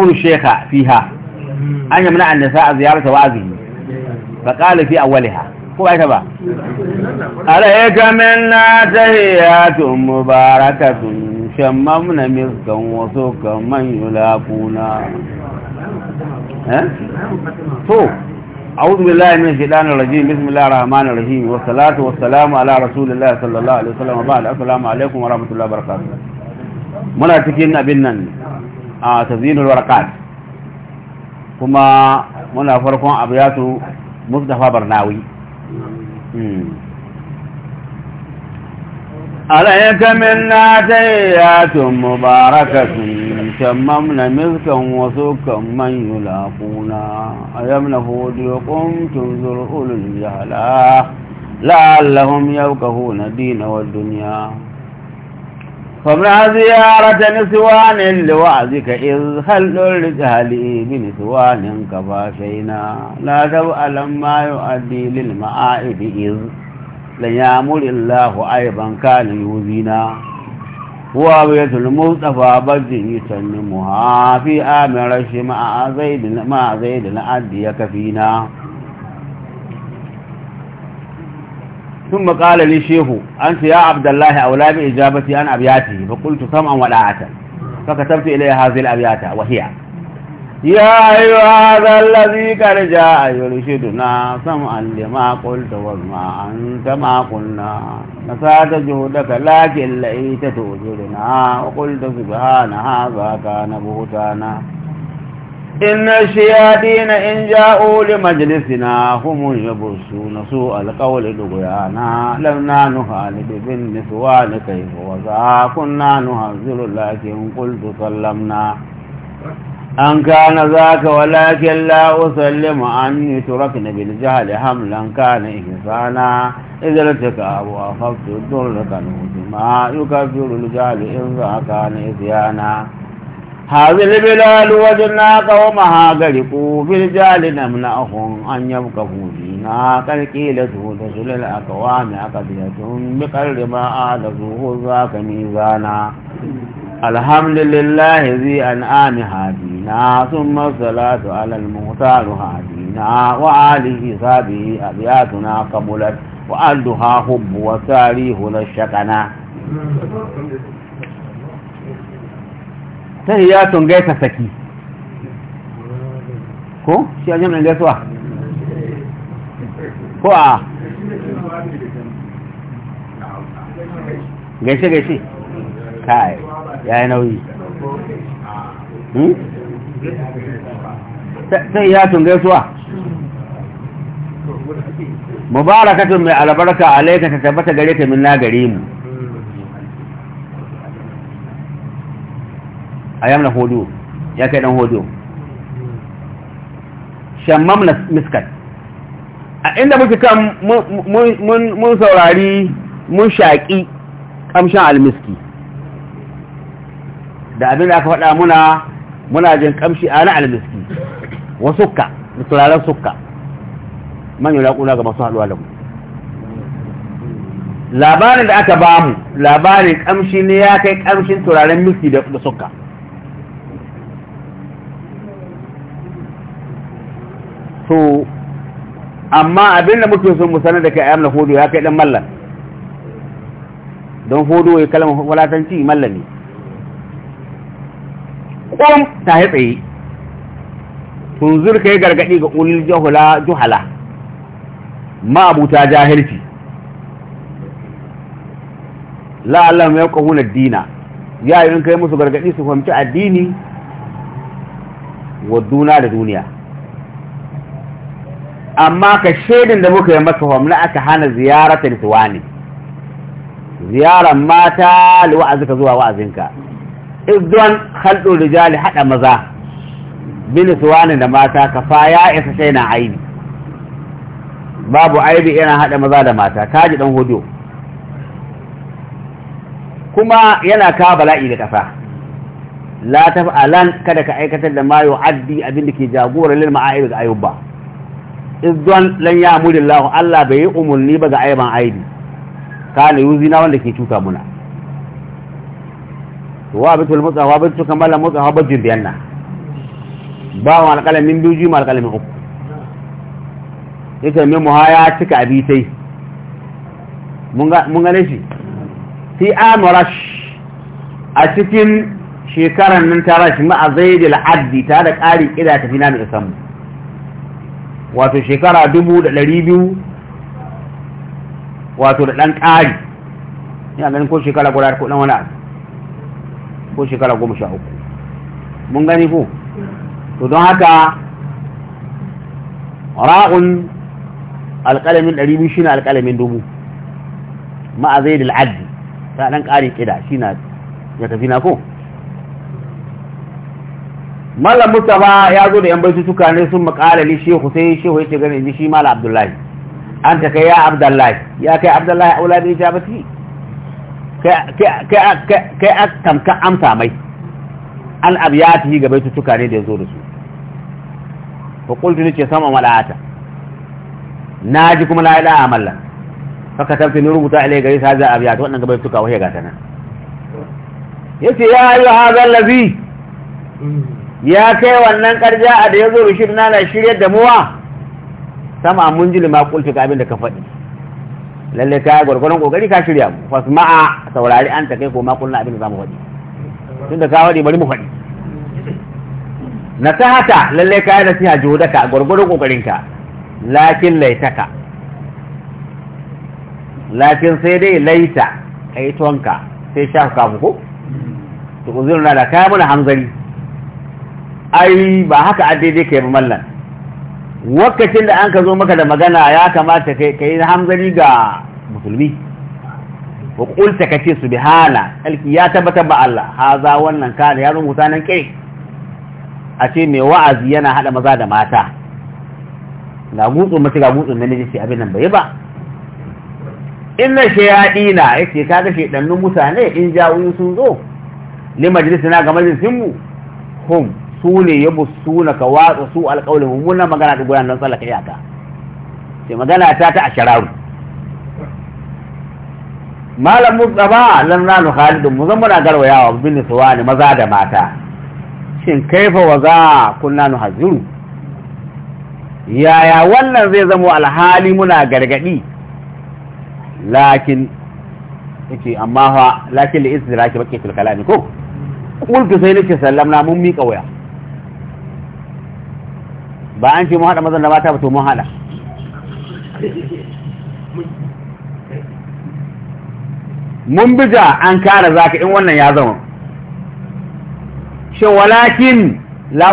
يقول الشيخ فيها أن يمنع النساء زيارة وعزه فقال في أولها هو أي تبع عليك من ناتهيات مباركة شممنا مسكا وسوكا من يلاقونا ها أعوذ بالله من الشيطان الرجيم بسم الله الرحمن الرحيم والصلاة والسلام على رسول الله صلى الله عليه وسلم وبعد السلام عليكم ورحمة الله وبركاته muna cikin abin a tazinul warqat kuma muna farkon abu ya su mustafa barnawi hmm. alayka minna tayyatun mubarakatun tamamna mizkan wa sukan man yulaquna na hudu qumtum zurul yau ka yawkahuna dina wa duniya. فمنع زيارة نسوان لوعزك إذ هل لجهلي بنسوان كفاشينا لا تبأ لما يؤدي للمعائب إذ لن يعمل الله أيضا كان يوزينا وابية المصطفى بجه يسلمها في آمر الشمع زيد مع زيد العد يكفينا ثم قال لي شيخو أنت يا عبد الله أولى بإجابتي عن أبياته فقلت سمعا ولاعة فكتبت اليها هذه الأبيات وهي يا أيها هذا الذي قد جاء يرشدنا سمعا لما قلت وما أنت ما قلنا نسات جهدك لكن لئيت تؤجرنا وقلت سبحان هذا كان بهتانا إن الشياطين إن جاءوا لمجلسنا هم يبصون سوء القول دغيانا لم نخالد بالنسوان كيف وزا كنا نهزل لكن قلت سلمنا أن كان ذاك ولكن لا أسلم أني تركن بالجهل حملا كان إحسانا إذا التكاب وأخذت الدر كنوت ما يكفر الجهل إن ذاك كان إثيانا هذه البلاد وجدنا قومها غرقوا برجال نمنعهم أن يبقوا فينا كالكيلة تسل الأقوام أقبلة بقدر ما آلفوه ذاك ميزانا الحمد لله ذي أنعام هادينا ثم الصلاة على المختار هادينا وآله صابه أبياتنا قبلت وألدها حب وتاريخ للشكنا sai tahiyatun gaisa saki ko shi a jami'in gaisuwa ko a gaishe gaishe kai ya yi nauyi hmm? sai tahiyatun gaisuwa mubarakatun mai albarka alaika ta tabbata gare ta min na gare mu a yamna hodo ya kai dan hodo shammam na miskat a inda muke kan mun saurari mun shaƙi ƙamshin almiski da abin da aka faɗa muna muna jin ƙamshi a na almiski wa sukka da turaren sukka man yi raƙuna ga masu haɗuwa da mu labarin da aka mu labarin ƙamshi ne ya kai ƙamshin turaren miski da sukka to amma abin da muke so mu sanar da kai ayyam na hodo ya kai dan mallan don hodo ya kalma walatanci mallan ne kom ta tsaye tunzur kai gargadi ga ulil jahula juhala ma abuta jahilci la'allam ya kahuna dina ya yi in kai musu gargadi su fahimci addini wa duna da duniya amma ka shaidin da muka yi maka hamla aka hana ziyaratar tuwani ziyarar mata li wa'azinka zuwa wa'azinka izdon halɗo rijali haɗa maza bin tuwani da mata ka fa ya isa na aini babu aibi yana haɗa maza da mata kaji ɗan hudu kuma yana kawo bala'i da ƙasa la taf'alan kada ka aikatar da mayo addi abin da ke jagorar lil da ayyuba izdon lan ya amurin lahu Allah bai yi umarni ba ga aiban aidi ka ne yuzi na wanda ke cuta muna wa tul mutsa wa bitul kamala mutsa wa bitul biyanna ba wa alƙalamin biyu ji ma alƙalamin uku yake mai muha ya cika abitai mun gane shi fi amurash a cikin shekarar nan tara shi ma'azai zai da la'addi ta da ƙari ƙida tafi na mai samu wato shekara dubu da ɗari biyu wato da ɗan ƙari ina ganin ko shekara guda ko ɗan wani abu ko shekara goma sha uku mun gani ko to don haka ra'un alƙalamin ɗari biyu shi na alƙalamin dubu ma'a zai da al'addi ta ɗan ƙari ƙida shi na ya tafi na ko malam mustapha ya zo da yan baitu tuka ne sun makala ni shehu sai shehu ya ce gane ni shi malam abdullahi an ta kai ya abdullahi ya kai abdullahi aula bi ijabati kai kai kai tamka amsa mai an abiyatihi ga baitu tuka ne da ya zo da su fa qultu ne ce sama mala'ata ji kuma na yi ilaha amalla faka tafi ni rubuta ilai gari sa za ta wannan gaba ya tuka wahai ga tana yace ya ayyuha allazi ya kai wannan karja a da ya zo rushin na na shirya da muwa sama mun ji lima kultu ga abin da ka faɗi lalle ka gwargwaron kokari ka shirya mu fasma'a saurari an ta kai ko ma abin da mu faɗi tunda ka faɗi bari mu faɗi na nasahata lalle ka yi nasiha juhudaka gwargwaron kokarin ka lakin laitaka lakin sai dai laita kai tuwanka sai sha kafu ko to uzurna da kaya mana hanzari ai ba haka a daidai ka yi mallan wakacin da an ka zo maka da magana ya kamata ka yi hanzari ga musulmi wa kulta ka ce subhana alki ya tabbatar ba Allah Ha za wannan kana ya rubuta nan kai a ce mai wa'azi yana hada maza da mata ga gutsu mace ga gutsu namiji ce abin nan bai ba inna shayadina yace kaga shedannun mutane in jawo sun zo li na ga majlisin mu hum su ne ya na ka watsa su alƙawli mummunan magana da gudanar tsallaka iyaka sai magana ta ta shararu malam mustafa lan nanu khalidun mu zama garwayawa bin suwani maza da mata shin kaifa wa za kunna nu haziru yaya wannan zai zama alhali muna gargadi lakin yake amma fa lakin li izdira ki bakke fil kalami ko qultu sai nake sallamna mun mika waya ba an ce mu haɗa mazan da mata ba to mun haɗa mun bija an kara zaka in wannan ya zama shin walakin la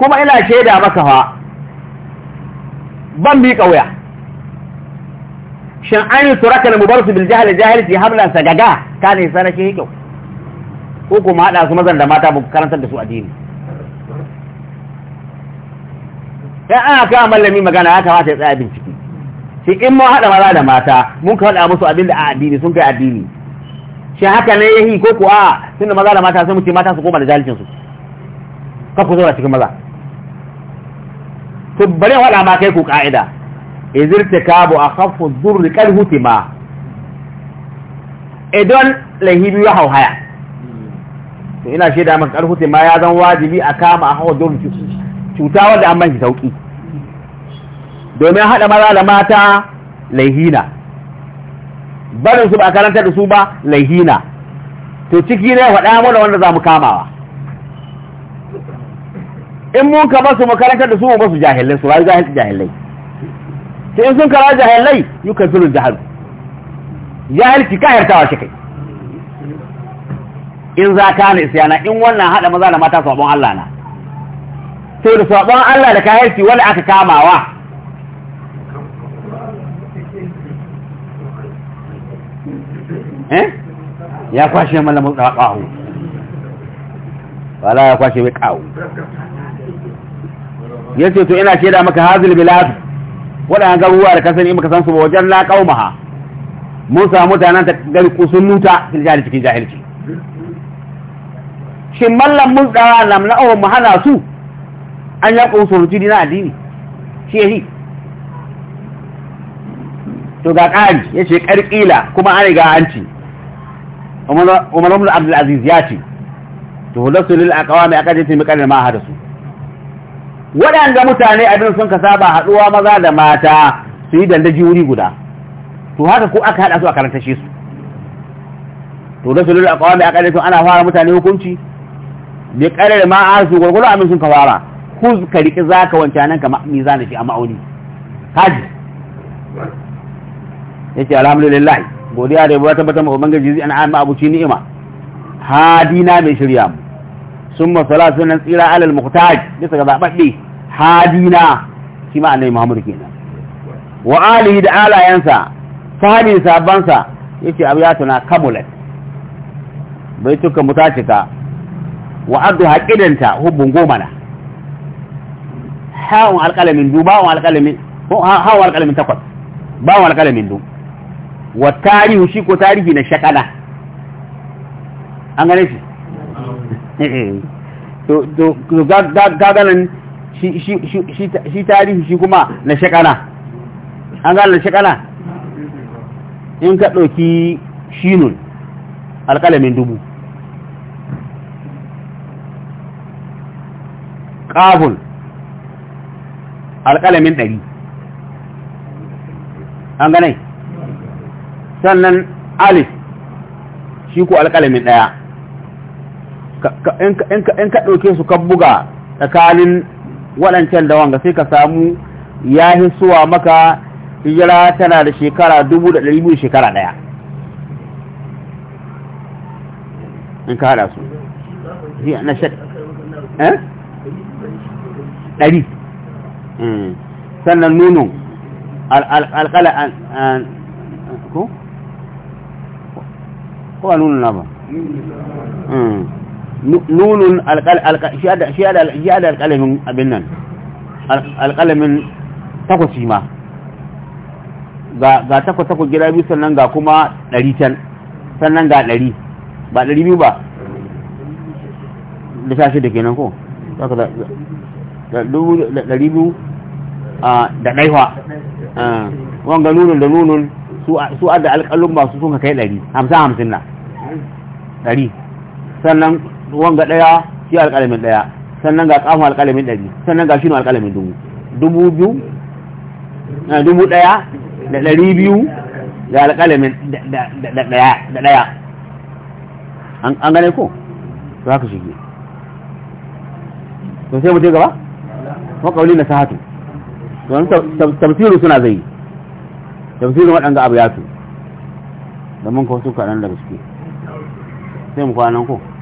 kuma ina shaida maka fa ban bi ƙauya shin an yi turaka da mubarsu bil jahil jahilci hamlan sagaga kana yi sanake kyau ko kuma haɗa su mazan da mata ba karantar da su addini dan ana kawo mallami magana ya kamata ya tsaya bincike shi in mun haɗa maza da mata mun kawo musu abin da a addini sun kai addini shi haka ne yahi ko ko a tunda maza da mata sai mu ce mata su koma da jalicin su ka ku zauna cikin maza to bari haɗa ma kai ku ka'ida zirta kabu a khaffu dhurri kal hutima idan lahibi ya hauhaya to ina shaida maka kal hutima ya zan wajibi a kama a hawa dhurri cuta wanda an mashi sauki domin haɗa maza da mata laihina barin su ba karanta da su ba laihina to ciki ne faɗa mana wanda za mu kamawa in mun ka basu makarantar da su ba su jahilai su rayu jahilai ta in sun kara jahilai yi kan sulun jahar jahilci ka yartawa shi kai in za ka na siyana in wannan haɗa maza da mata sabon Allah na sai da saɓon Allah da kahirci wanda aka kamawa eh? ya kwashe malamin ƙaho wala ya kwashe mai ƙawo ya ce to ina shaida maka hazil bilad waɗannan garuruwa da kasani in baka san su ba wajen la qaumaha mun samu mutanen ta gari kusun nuta fil jahilci cikin jahilci shin mallam mun tsara lamna'u mu hana su an yaƙo surutu na addini shi yi to ga ƙari ya ce ƙarƙila kuma an riga an ce umar umar aziz ya ce to hulasu lil aqawa mai aka je taimi ƙarin ma hada su waɗanda mutane abin sun ka saba haɗuwa maza da mata su yi dandaji wuri guda to haka ko aka haɗa su a karanta shi su to da sulul aqwa da aka ana fara mutane hukunci bi qarar ma a su gurguru amin sun ka fara kuz ka riƙe za ka wancan nan ka na shi a ma'auni haji ya ce alhamdulillah godiya da yabuwa tabbatar ma ubangiji zai an ma abuci ni'ima na mai shirya mu sun masala sunan tsira alal muhtaj bisa ga zaɓaɓɓe na shi ma annabi muhammadu kenan wa alihi da alayensa sahabin sabansa yace abu ya tuna kamulat bai tuka mutacika wa abdu haqidanta hubbun gomana hawan alƙalamin du bawan alƙalamin hawan alƙalamin takwas bawan alƙalamin du wa tarihu shi ko tarihi na shakala an gane shi to gaganan shi tarihi shi kuma na shakala an gane na shakala in ka ɗauki shinun alƙalamin dubu ƙafun alƙalamin ɗari an ganai sannan alif shi ko alƙalamin ɗaya in ka ɗauke su ka buga tsakanin waɗancan da wanga sai ka samu ya hisuwa maka hijira tana da shekara dubu da ɗari biyu shekara ɗaya in ka haɗa su na shaɗi eh? ɗari Mm. sannan nuno alƙala an ko? ko a na ba mm. nunun shi ada alƙalamin abin nan alƙalamin takwasi ma ga takwa gida biyu sannan ga kuma ɗari can sannan ga ɗari ba ɗari biyu ba da shashi da kenan ko? ɗari biyu da ɗaiwa ah, wanga nunun da nunun su adda alƙalin masu sun kai ɗari hamsin hamsin na ɗari sannan wanga ɗaya shi alƙalamin ɗaya sannan ga ƙafin alƙalamin ɗari sannan ga shi alƙalamin dubu dubu biyu na dubu ɗaya da ɗari biyu da alƙalamin da ɗaya an gane ko za ka shige to sai mu gaba wa ƙauli na sahatu don tafsirin suna zai tafsirin waɗanda abu ya su da mun kawo su kaɗan daga suke sai mu kwanan ko